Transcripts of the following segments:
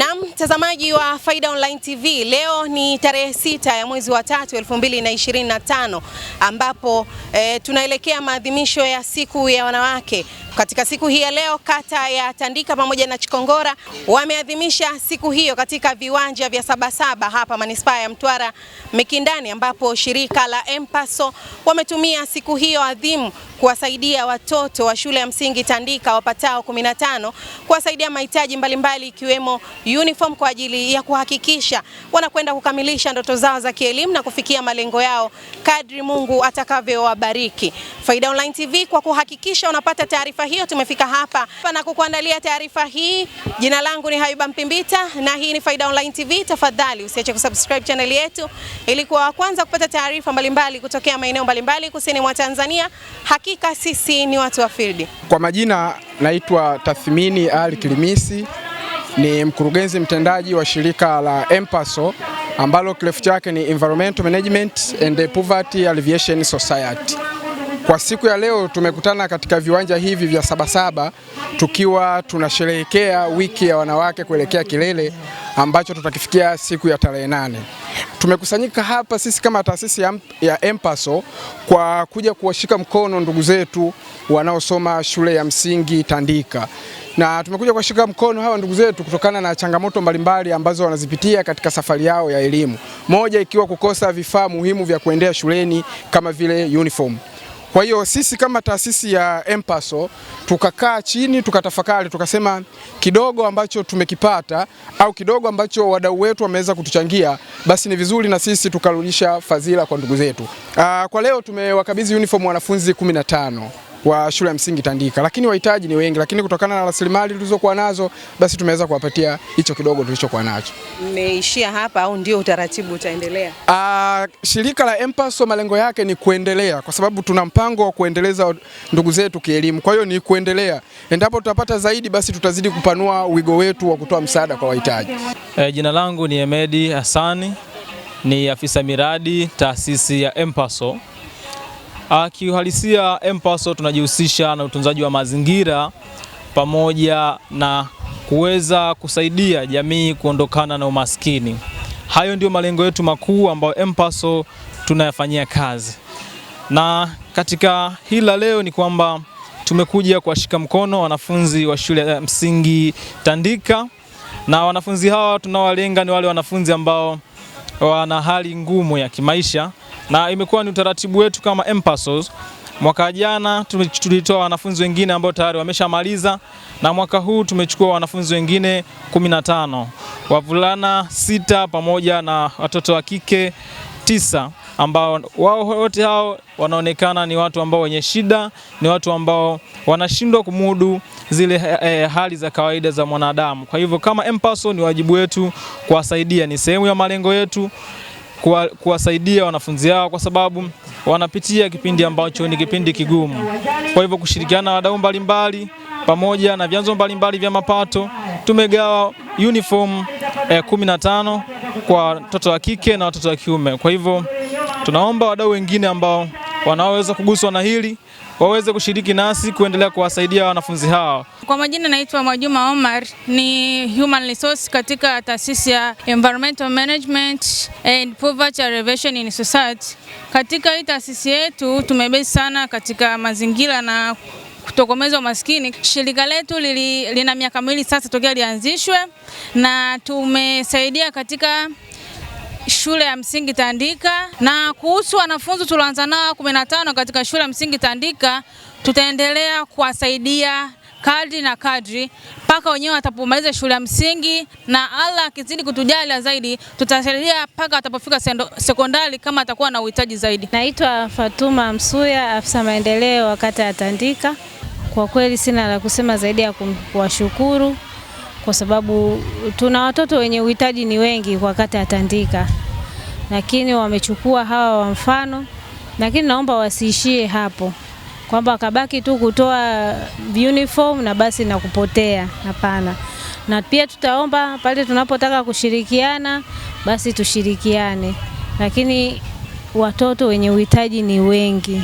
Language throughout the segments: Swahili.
Naam, mtazamaji wa Faida Online TV, leo ni tarehe sita ya mwezi wa tatu 2025 ambapo e, tunaelekea maadhimisho ya siku ya wanawake. Katika siku hii ya leo, kata ya Tandika pamoja na Chikongora wameadhimisha siku hiyo katika viwanja vya Sabasaba hapa manispaa ya Mtwara Mikindani, ambapo shirika la Empaso wametumia siku hiyo adhimu kuwasaidia watoto wa shule ya msingi Tandika wapatao 15 kuwasaidia mahitaji mbalimbali ikiwemo uniform platform kwa ajili ya kuhakikisha wanakwenda kukamilisha ndoto zao za kielimu na kufikia malengo yao kadri Mungu atakavyowabariki. Faida Online TV kwa kuhakikisha unapata taarifa hiyo, tumefika hapa na kukuandalia taarifa hii. Jina langu ni Hayuba Mpimbita na hii ni Faida Online TV. Tafadhali usiache kusubscribe channel yetu ili kuwa wa kwanza kupata taarifa mbalimbali kutokea maeneo mbalimbali kusini mwa Tanzania. Hakika sisi ni watu wa field. Kwa majina naitwa Tathmini Ali Kilimisi ni mkurugenzi mtendaji wa shirika la Empaso ambalo kirefu chake ni Environmental Management and Poverty Alleviation Society. Kwa siku ya leo tumekutana katika viwanja hivi vya Sabasaba tukiwa tunasherehekea wiki ya wanawake kuelekea kilele ambacho tutakifikia siku ya tarehe nane. Tumekusanyika hapa sisi kama taasisi ya Empaso kwa kuja kuwashika mkono ndugu zetu wanaosoma shule ya msingi Tandika, na tumekuja kuwashika mkono hawa ndugu zetu kutokana na changamoto mbalimbali ambazo wanazipitia katika safari yao ya elimu, moja ikiwa kukosa vifaa muhimu vya kuendea shuleni kama vile uniform. Kwa hiyo sisi kama taasisi ya Empaso tukakaa chini tukatafakari, tukasema kidogo ambacho tumekipata au kidogo ambacho wadau wetu wameweza kutuchangia, basi ni vizuri na sisi tukarudisha fadhila kwa ndugu zetu. Aa, ah, kwa leo tumewakabidhi uniform wanafunzi 15 wa shule ya msingi Tandika, lakini wahitaji ni wengi, lakini kutokana na rasilimali tulizokuwa nazo basi tumeweza kuwapatia hicho kidogo tulichokuwa nacho. Mmeishia hapa au ndio utaratibu utaendelea? Ah, shirika la Empaso malengo yake ni kuendelea, kwa sababu tuna mpango wa kuendeleza ndugu zetu kielimu. Kwa hiyo ni kuendelea, endapo tutapata zaidi, basi tutazidi kupanua wigo wetu wa kutoa msaada kwa wahitaji. E, jina langu ni Emedi hasani ni afisa miradi taasisi ya Empaso. Kiuhalisia, Mpaso tunajihusisha na utunzaji wa mazingira pamoja na kuweza kusaidia jamii kuondokana na umaskini. Hayo ndio malengo yetu makuu ambayo Mpaso tunayafanyia kazi, na katika hili la leo ni kwamba tumekuja kuwashika mkono wanafunzi wa shule ya msingi Tandika, na wanafunzi hawa tunawalenga ni wale wanafunzi ambao wana hali ngumu ya kimaisha na imekuwa ni utaratibu wetu kama Empasos. Mwaka jana tulitoa wanafunzi wengine ambao tayari wameshamaliza na mwaka huu tumechukua wanafunzi wengine 15 wavulana sita pamoja na watoto wa kike tisa ambao wao wote hao wanaonekana ni watu ambao wenye shida, ni watu ambao wanashindwa kumudu zile eh, hali za kawaida za mwanadamu. Kwa hivyo kama Empaso ni wajibu wetu kuwasaidia, ni sehemu ya malengo yetu kuwasaidia wanafunzi hao, kwa sababu wanapitia kipindi ambacho ni kipindi kigumu. Kwa hivyo kushirikiana na wadau mbalimbali pamoja na vyanzo mbalimbali vya mapato tumegawa uniform eh, kumi na tano kwa watoto wa kike na watoto wa kiume. Kwa hivyo tunaomba wadau wengine ambao wanaoweza kuguswa na hili waweze kushiriki nasi kuendelea kuwasaidia wanafunzi hawa. Kwa majina naitwa Mwajuma Omar, ni human resource katika taasisi ya Environmental Management and Poverty Alleviation in Society. Katika hii taasisi yetu tumebesi sana katika mazingira na kutokomeza umaskini. Shirika letu lina miaka miwili sasa tokea lianzishwe na tumesaidia katika shule ya msingi Tandika. Na kuhusu wanafunzi tulianza nao kumi na tano katika shule ya msingi Tandika, tutaendelea kuwasaidia kadri na kadri mpaka wenyewe watapomaliza shule ya msingi, na Allah akizidi kutujalia zaidi tutasaidia mpaka watapofika sekondari kama atakuwa na uhitaji zaidi. Naitwa Fatuma Msuya, afisa maendeleo wa kata ya Tandika. Kwa kweli sina la kusema zaidi ya kuwashukuru kwa sababu tuna watoto wenye uhitaji ni wengi kwa kata ya Tandika, lakini wamechukua hawa wa mfano, lakini naomba wasiishie hapo kwamba wakabaki tu kutoa uniform na basi na kupotea. Hapana, na pia tutaomba pale tunapotaka kushirikiana, basi tushirikiane, lakini watoto wenye uhitaji ni wengi.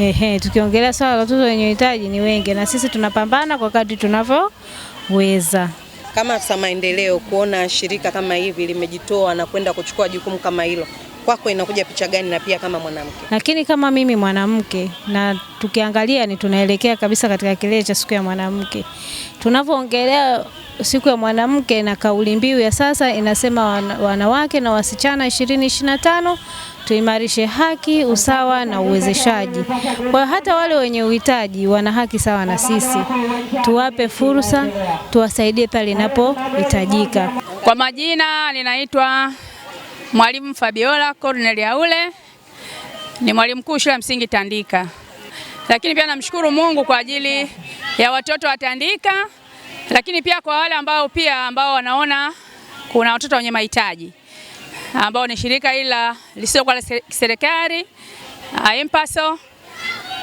Ehe, tukiongelea swala la watoto wenye uhitaji ni wengi, na sisi tunapambana kwa kadri tunavyo weza kama sa maendeleo kuona shirika kama hivi limejitoa na kwenda kuchukua jukumu kama hilo, kwako inakuja picha gani, na pia kama mwanamke. Lakini kama mimi mwanamke, na tukiangalia ni tunaelekea kabisa katika kilele cha siku ya mwanamke, tunavyoongelea siku ya mwanamke na kauli mbiu ya sasa inasema wanawake na wasichana 2025 tuimarishe haki, usawa na uwezeshaji. Kwa hata wale wenye uhitaji wana haki sawa na sisi, tuwape fursa, tuwasaidie pale inapohitajika. Kwa majina ninaitwa Mwalimu Fabiola Cornel Aule ni mwalimu mkuu shule ya msingi Tandika, lakini pia namshukuru Mungu kwa ajili ya watoto wa Tandika, lakini pia kwa wale ambao pia ambao wanaona kuna watoto wenye mahitaji ambao ni shirika ila lisiokuwa la serikali Impaso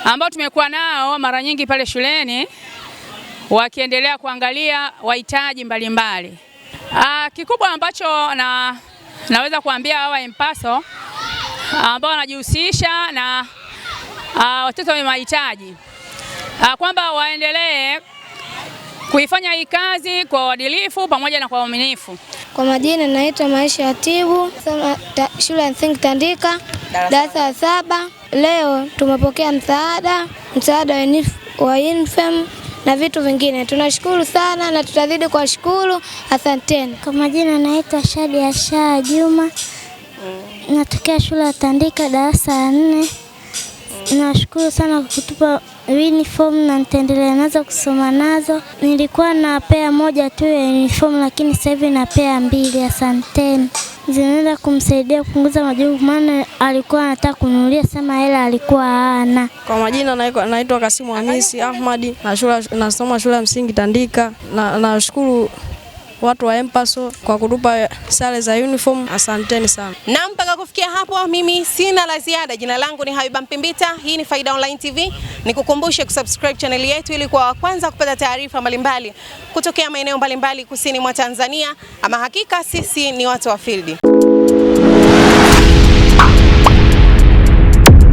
ambao tumekuwa nao mara nyingi pale shuleni wakiendelea kuangalia wahitaji mbalimbali. Ah, kikubwa ambacho na naweza kuambia hawa impaso ambao wanajihusisha na ah, watoto wenye mahitaji ah, kwamba waendelee kuifanya hii kazi kwa uadilifu pamoja na kwa uaminifu. Kwa majina naitwa Maisha Yatibu, shule ya msingi Tandika, darasa la saba. Leo tumepokea msaada msaada wa UNIFEM na vitu vingine. Tunashukuru sana na tutazidi kuwashukuru, asanteni. Kwa majina naitwa Shadi ya Shaa Juma mm. natokea shule ya Tandika darasa la nne mm. nashukuru sana kwa kutupa uniform na nitaendelea nazo kusoma nazo. Nilikuwa na pea moja tu ya uniform, lakini sasa hivi na pea mbili. Asanteni zinaenda kumsaidia kupunguza majungu maana alikuwa anataka kununulia sema hela alikuwa hana. Kwa majina naitwa Kasimu Hamisi Ahmadi, nasoma shule ya msingi Tandika. Nashukuru na watu wa Empaso kwa kutupa sare za uniform. Asanteni sana. Na mpaka kufikia hapo, mimi sina la ziada. Jina langu ni Habiba Mpimbita, hii ni Faida Online TV. Nikukumbushe kusubscribe channel yetu ili kwa kwanza kupata taarifa mbalimbali kutokea maeneo mbalimbali kusini mwa Tanzania. Ama hakika sisi ni watu wa fieldi.